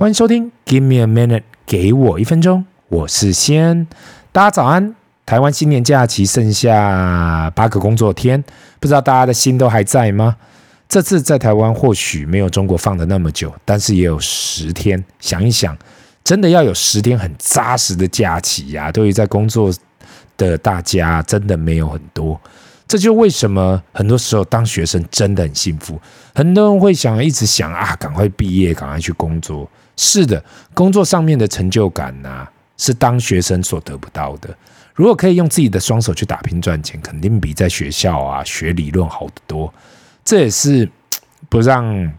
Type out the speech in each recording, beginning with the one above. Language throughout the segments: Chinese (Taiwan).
歡迎收聽《Give Me a Minute》，給我一分鐘，我是先。大家早安！台灣新年假期剩下八個工作天，不知道大家的心都還在嗎？這次在台灣或許沒有中國放的那麼久，但是也有十天。想一想，真的要有十天很扎實的假期呀、啊！對於在工作的大家，真的沒有很多。這就是為什麼很多時候當學生真的很幸福。很多人會想一直想啊，趕快畢業，趕快去工作。是的，工作上面的成就感吶、啊，是當學生所得不到的。如果可以用自己的雙手去打拼賺錢，肯定比在學校啊學理論好得多。這也是不讓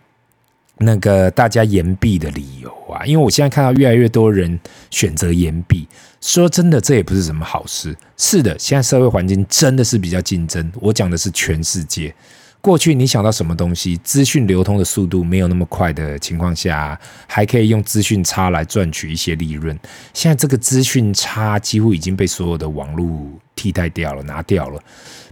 那個大家延畢的理由啊。因為我現在看到越來越多人選擇延畢，說真的，這也不是什麼好事。是的，現在社會環境真的是比較競爭。我講的是全世界。過去你想到什麼東西，資訊流通的速度沒有那麼快的情況下，還可以用資訊差來賺取一些利潤。現在這個資訊差幾乎已經被所有的網絡替代掉了，拿掉了，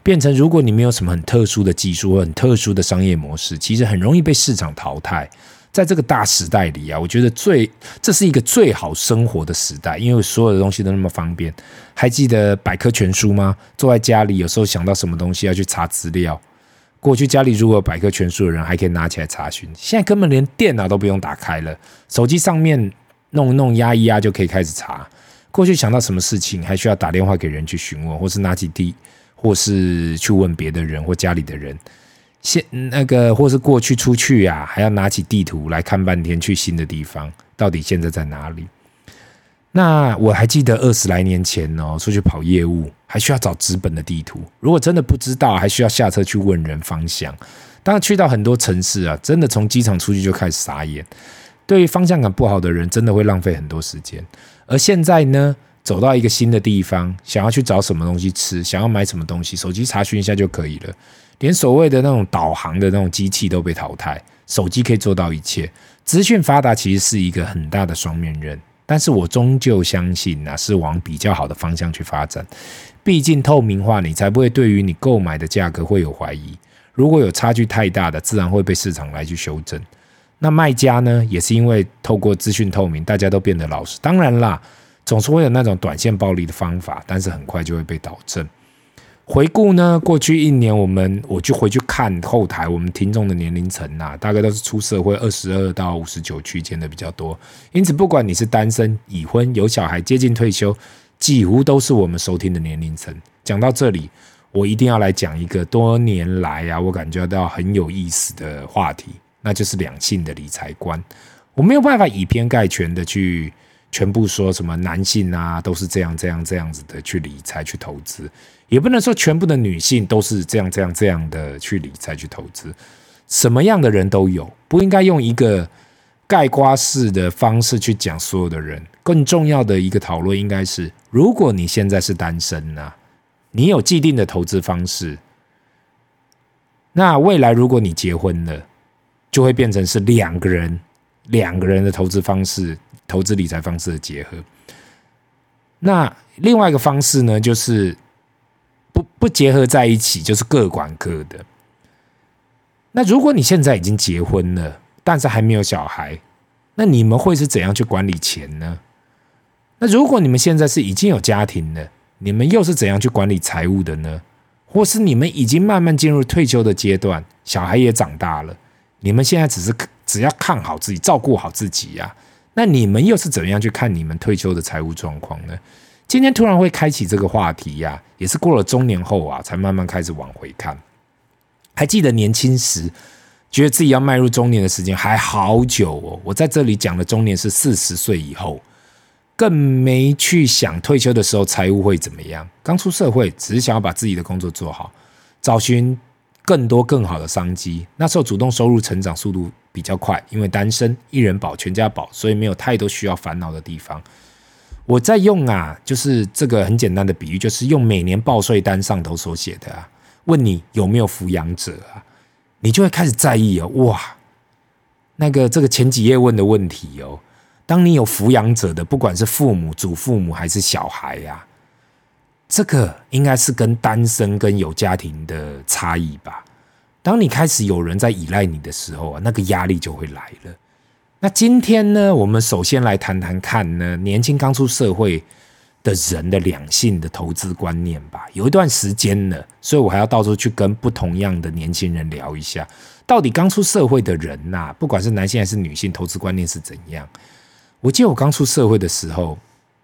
變成如果你沒有什麼很特殊的技術或很特殊的商業模式，其實很容易被市場淘汰。在這個大時代裡啊，我覺得最，這是一個最好生活的時代，因為所有的東西都那麼方便。還記得百科全書嗎？坐在家裡有時候想到什麼東西要去查資料。過去家裡如果有百科全書的人還可以拿起來查詢，現在根本連電腦都不用打開了，手機上面弄一弄壓一壓就可以開始查。過去想到什麼事情還需要打電話給人去詢問，或是拿起地，或是去問別的人或家裡的人。現那個或是過去出去啊，還要拿起地圖來看半天，去新的地方到底現在在哪裡？那我還記得二十來年前哦，出去跑業務還需要找紙本的地圖，如果真的不知道，還需要下車去問人方向。當然去到很多城市啊，真的從機場出去就開始傻眼。對於方向感不好的人，真的會浪費很多時間。而現在呢，走到一個新的地方，想要去找什麼東西吃，想要買什麼東西，手機查詢一下就可以了。連所謂的那種導航的那種機器都被淘汰，手機可以做到一切。資訊發達其實是一個很大的雙面刃。但是我終究相信、啊，那是往比較好的方向去發展。畢竟透明化，你才不會對於你購買的價格會有懷疑。如果有差距太大的，自然會被市場來去修正。那賣家呢，也是因為透過資訊透明，大家都變得老實。當然啦，總是會有那種短線暴利的方法，但是很快就會被導正。回顧呢，過去一年，我們我就回去看後台，我們聽眾的年齡層啊，大概都是出社會二十二到五十九區間的比較多。因此，不管你是單身、已婚、有小孩、接近退休，幾乎都是我們收聽的年齡層。講到這裡，我一定要來講一個多年來啊，我感覺到很有意思的話題，那就是兩性的理財觀。我沒有辦法以偏概全的去。全部說什麼男性啊，都是這樣這樣這樣子的去理財去投資，也不能說全部的女性都是這樣這樣這樣的去理財去投資。什麼樣的人都有，不應該用一個概括式的方式去講所有的人。更重要的一個討論應該是：如果你現在是單身吶，你有既定的投資方式，那未來如果你結婚了，就會變成是兩個人兩個人的投資方式。投資理財方式的結合。那另外一個方式呢，就是不不結合在一起，就是各管各的。那如果你現在已經結婚了，但是還沒有小孩，那你們會是怎樣去管理錢呢？那如果你們現在是已經有家庭了，你們又是怎樣去管理財務的呢？或是你們已經慢慢進入退休的階段，小孩也長大了，你們現在只是只要看好自己，照顧好自己呀。那你們又是怎樣去看你們退休的財務狀況呢？今天突然會開啟這個話題呀，也是過了中年後啊，才慢慢開始往回看。還記得年輕時，覺得自己要邁入中年的時間還好久哦。我在這裡講的中年是四十歲以後，更沒去想退休的時候財務會怎麼樣。剛出社會，只是想要把自己的工作做好，找尋。更多更好的商機，那時候主動收入成長速度比較快，因為單身，一人保，全家保，所以沒有太多需要煩惱的地方。我在用啊，就是這個很簡單的比喻，就是用每年報稅單上頭所寫的啊，問你有沒有撫養者啊，你就會開始在意哦，哇，那個這個前幾頁問的問題哦，當你有撫養者的，不管是父母、祖父母還是小孩呀、啊。這個應該是跟單身跟有家庭的差異吧。當你開始有人在依賴你的時候啊，那個壓力就會來了。那今天呢，我們首先來談談看呢，年輕剛出社會的人的兩性的投資觀念吧。有一段時間了，所以我還要到處去跟不同樣的年輕人聊一下，到底剛出社會的人吶、啊，不管是男性還是女性，投資觀念是怎樣？我記得我剛出社會的時候。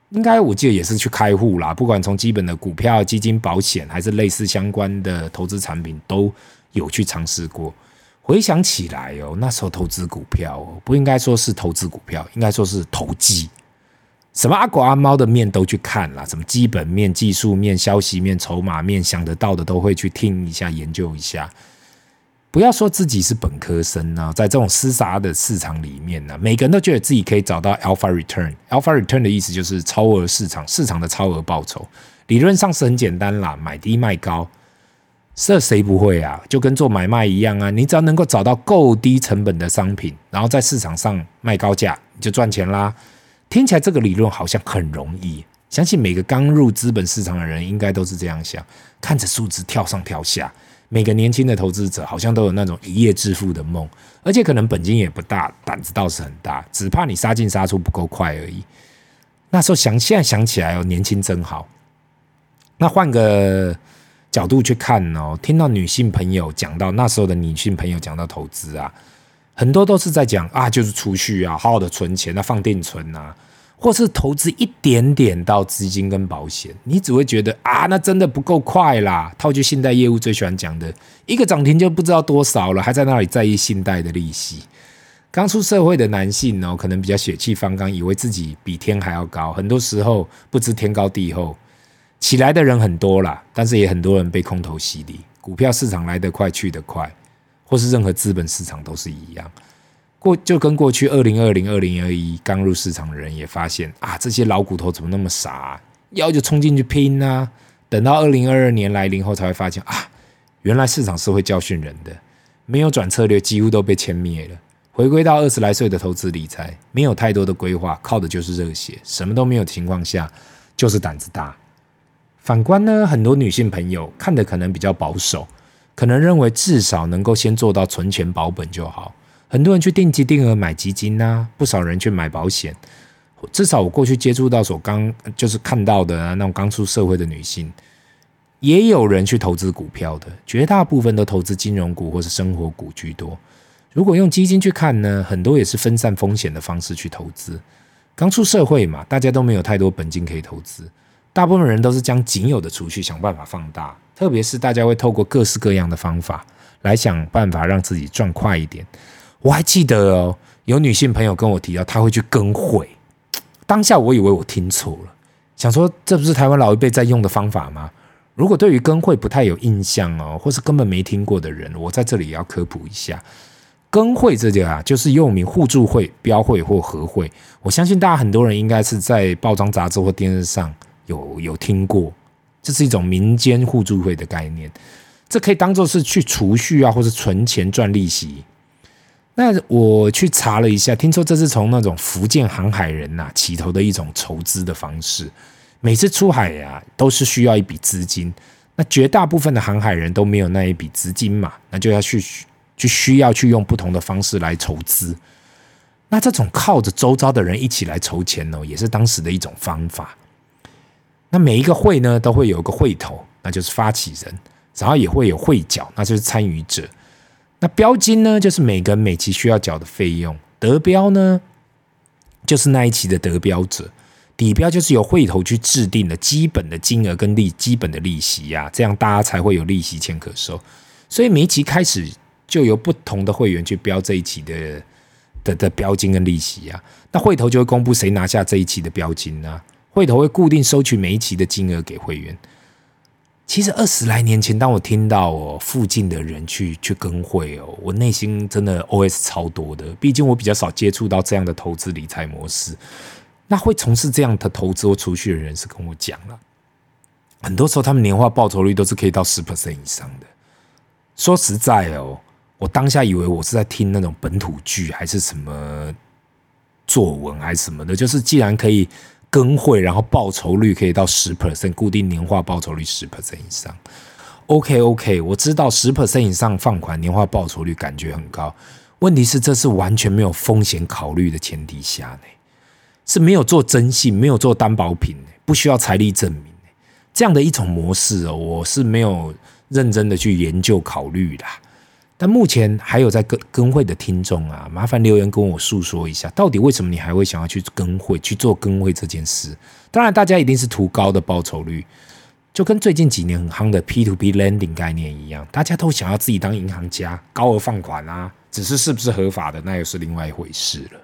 應該我記得也是去開戶啦，不管從基本的股票、基金、保險，還是類似相關的投資產品，都有去嘗試過。回想起來哦、喔，那時候投資股票哦、喔，不應該說是投資股票，應該說是投機。什麼阿狗阿貓的面都去看啦，什麼基本面、技術面、消息面、籌碼面，想得到的都會去聽一下、研究一下。不要說自己是本科生啊，在這種廝殺的市場裡面呢、啊，每個人都覺得自己可以找到 alpha return。alpha return 的意思就是超額市場市場的超額報酬，理論上是很簡單啦，買低賣高，這誰、啊、不會啊？就跟做買賣一樣啊，你只要能夠找到夠低成本的商品，然後在市場上賣高價，你就賺錢啦。聽起來這個理論好像很容易，相信每個剛入資本市場的人應該都是這樣想，看着數字跳上跳下。每個年輕的投資者好像都有那種一夜致富的夢，而且可能本金也不大，膽子倒是很大，只怕你殺進殺出不夠快而已。那時候想，現在想起來哦，年輕真好。那換個角度去看哦，聽到女性朋友講到那時候的女性朋友講到投資啊，很多都是在講啊，就是儲蓄啊，好好的存錢啊，那放定存啊。或是投資一點點到基金跟保險，你只會覺得啊，那真的不夠快啦。套句信貸業務最喜歡講的，一個漲停就不知道多少了，還在那裡在意信貸的利息。剛出社會的男性哦，可能比較血氣方剛，以為自己比天還要高，很多時候不知天高地厚。起來的人很多啦，但是也很多人被空頭洗禮。股票市場來得快，去得快，或是任何資本市場都是一樣。過就跟過去二零二零、二零二一剛入市場的人也發現啊，這些老骨頭怎麼那麼傻啊，要就衝進去拼吶、啊，等到二零二二年來臨後才會發現啊，原來市場是會教訓人的，沒有轉策略，幾乎都被牽滅了。回歸到二十來歲的投資理財，沒有太多的規劃，靠的就是熱血，什麼都沒有的情況下就是膽子大。反觀呢，很多女性朋友看的可能比較保守，可能認為至少能夠先做到存錢保本就好。很多人去定期定額買基金吶、啊，不少人去買保險。至少我過去接觸到所剛，所剛就是看到的、啊、那種剛出社會的女性，也有人去投資股票的。絕大部分都投資金融股或是生活股居多。如果用基金去看呢，很多也是分散風險的方式去投資。剛出社會嘛，大家都沒有太多本金可以投資，大部分人都是將僅有的儲蓄想辦法放大。特別是大家會透過各式各樣的方法來想辦法讓自己賺快一點。我還記得哦，有女性朋友跟我提到，她會去跟會。當下我以為我聽錯了，想說這不是台灣老一輩在用的方法嗎？如果對於跟會不太有印象哦，或是根本沒聽過的人，我在這裡也要科普一下：跟會這個啊，就是又名互助會、標會或合會。我相信大家很多人應該是在報章雜誌或電視上有有聽過，這是一種民間互助會的概念。這可以當做是去儲蓄啊，或是存錢賺利息。那我去查了一下，聽說這是從那種福建航海人吶、啊、起頭的一種籌資的方式。每次出海呀、啊，都是需要一筆資金。那絕大部分的航海人都沒有那一筆資金嘛，那就要去去需要去用不同的方式來籌資。那這種靠着周遭的人一起來籌錢呢，也是當時的一種方法。那每一個會呢，都會有一個會頭，那就是發起人，然後也會有會腳，那就是參與者。那標金呢，就是每個每期需要繳的費用。得標呢，就是那一期的得標者。底標就是由會頭去制定的，基本的金額跟利，基本的利息呀、啊，這樣大家才會有利息錢可收。所以每一期開始就由不同的會員去標這一期的的的標金跟利息啊。那會頭就會公布誰拿下這一期的標金呢、啊？會頭會固定收取每一期的金額給會員。其實二十來年前，當我聽到哦附近的人去去跟會哦，我內心真的 OS 超多的。畢竟我比較少接觸到這樣的投資理財模式。那會從事這樣的投資或儲蓄的人是跟我講了，很多時候他們年化報酬率都是可以到十 percent 以上的。說實在哦，我當下以為我是在聽那種本土劇還是什麼作文還是什麼的，就是既然可以。更會，然後報酬率可以到十 percent，固定年化報酬率十 percent 以上。OK OK，我知道十 percent 以上放款年化報酬率感覺很高，問題是這是完全沒有風險考慮的前提下呢，是沒有做徵信、沒有做擔保品，不需要財力證明。這樣的一種模式哦，我是沒有認真的去研究考慮的啊。但目前還有在跟跟會的聽眾啊，麻煩留言跟我訴說一下，到底為什麼你還會想要去跟會去做跟會這件事？當然，大家一定是圖高的報酬率，就跟最近幾年很夯的 P to P lending 概念一樣，大家都想要自己當銀行家，高額放款啊，只是是不是合法的，那又是另外一回事了。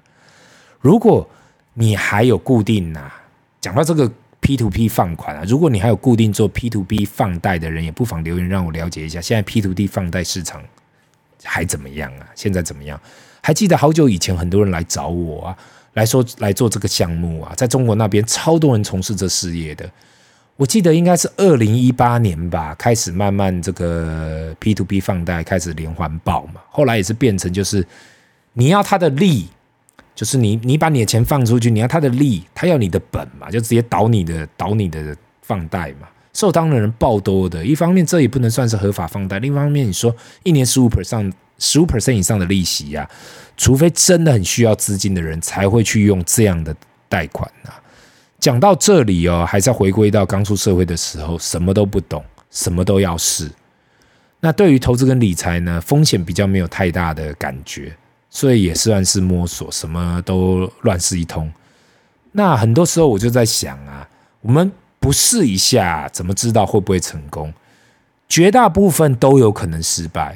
如果你還有固定啊，講到這個 P to P 放款啊，如果你還有固定做 P to P 放貸的人，也不妨留言讓我了解一下，現在 P to P 放貸市場，還怎麼樣啊？現在怎麼樣？還記得好久以前很多人來找我啊，來說來做這個項目啊，在中國那邊超多人從事這事業的。我記得應該是二零一八年吧，開始慢慢這個 P to P 放貸開始連環爆嘛，後來也是變成就是你要他的利，就是你你把你的錢放出去，你要他的利，他要你的本嘛，就直接倒你的倒你的放貸嘛。受當的人爆多的，一方面這也不能算是合法放貸，另一方面你說一年十五%、十五%以上的利息呀、啊，除非真的很需要資金的人才會去用這樣的貸款啊。講到這裡哦，還在回歸到剛出社會的時候，什麼都不懂，什麼都要試。那對於投資跟理財呢，風險比較沒有太大的感覺，所以也算是摸索，什麼都亂試一通。那很多時候我就在想啊，我們。不試一下，怎麼知道會不會成功？絕大部分都有可能失敗，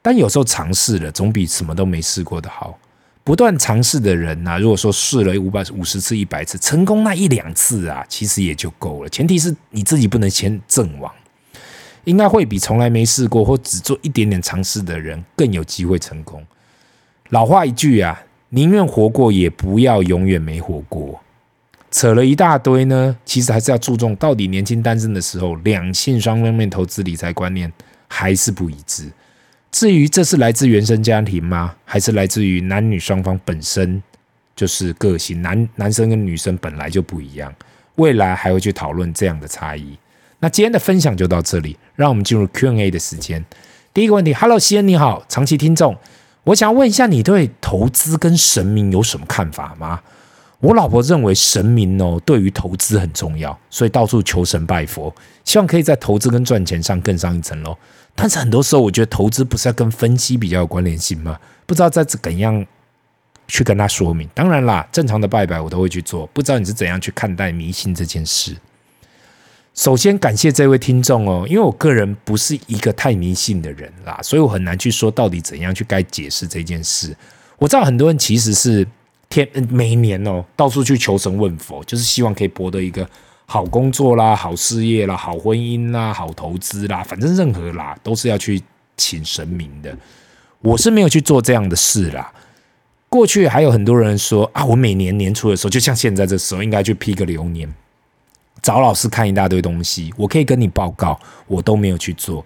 但有時候嘗試了，總比什麼都沒試過的好。不斷嘗試的人呢、啊，如果說試了五百五十次、一百次，成功那一兩次啊，其實也就夠了。前提是你自己不能先陣亡，應該會比從來沒試過或只做一點點嘗試的人更有機會成功。老話一句啊，寧願活過，也不要永遠沒活過。扯了一大堆呢，其實還是要注重到底年輕單身的時候，兩性雙方面投資理財觀念還是不一致。至於這是來自原生家庭嗎？還是來自於男女雙方本身就是個性？男男生跟女生本來就不一樣，未來還會去討論這樣的差異。那今天的分享就到這裡，讓我們進入 Q&A 的時間。第一個問題，Hello，西恩你好，長期聽眾，我想問一下，你對投資跟神明有什麼看法嗎？我老婆認為神明哦，對於投資很重要，所以到處求神拜佛，希望可以在投資跟賺錢上更上一層樓。但是很多時候，我覺得投資不是要跟分析比較有關聯性嗎？不知道在怎樣去跟他說明。當然啦，正常的拜拜我都會去做，不知道你是怎樣去看待迷信這件事。首先感謝這位聽眾哦，因為我個人不是一個太迷信的人啦，所以我很難去說到底怎樣去該解釋這件事。我知道很多人其實是。天，每年哦，到處去求神問佛，就是希望可以博得一個好工作啦、好事業啦、好婚姻啦、好投資啦，反正任何啦都是要去請神明的。我是沒有去做這樣的事啦。過去還有很多人說啊，我每年年初的時候，就像現在這時候，應該去批個流年，找老師看一大堆東西。我可以跟你報告，我都沒有去做。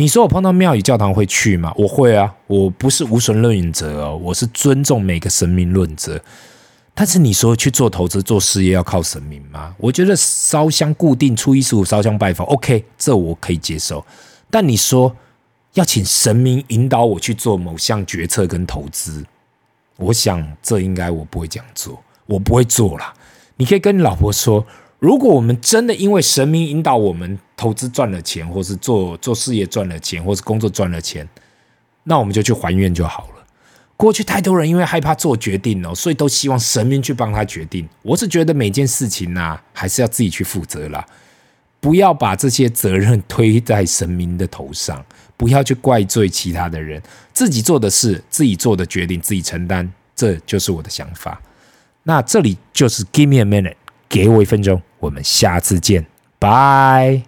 你說我碰到廟宇教堂會去嗎？我會啊，我不是無神論者哦，我是尊重每個神明論者。但是你說去做投資，做事業要靠神明嗎？我覺得燒香，固定初一十五燒香拜訪，OK，這我可以接受。但你說要請神明引導我去做某項決策跟投資，我想這應該我不會這樣做，我不會做啦。你可以跟你老婆說。如果我們真的因為神明引導我們投資賺了錢，或是做做事業賺了錢，或是工作賺了錢，那我們就去還願就好了。過去太多人因為害怕做決定哦，所以都希望神明去幫他決定。我是覺得每件事情吶，還是要自己去負責啦，不要把這些責任推在神明的頭上，不要去怪罪其他的人，自己做的事、自己做的決定、自己承擔，這就是我的想法。那這裡就是 Give me a minute，給我一分鐘。我們下次見，拜。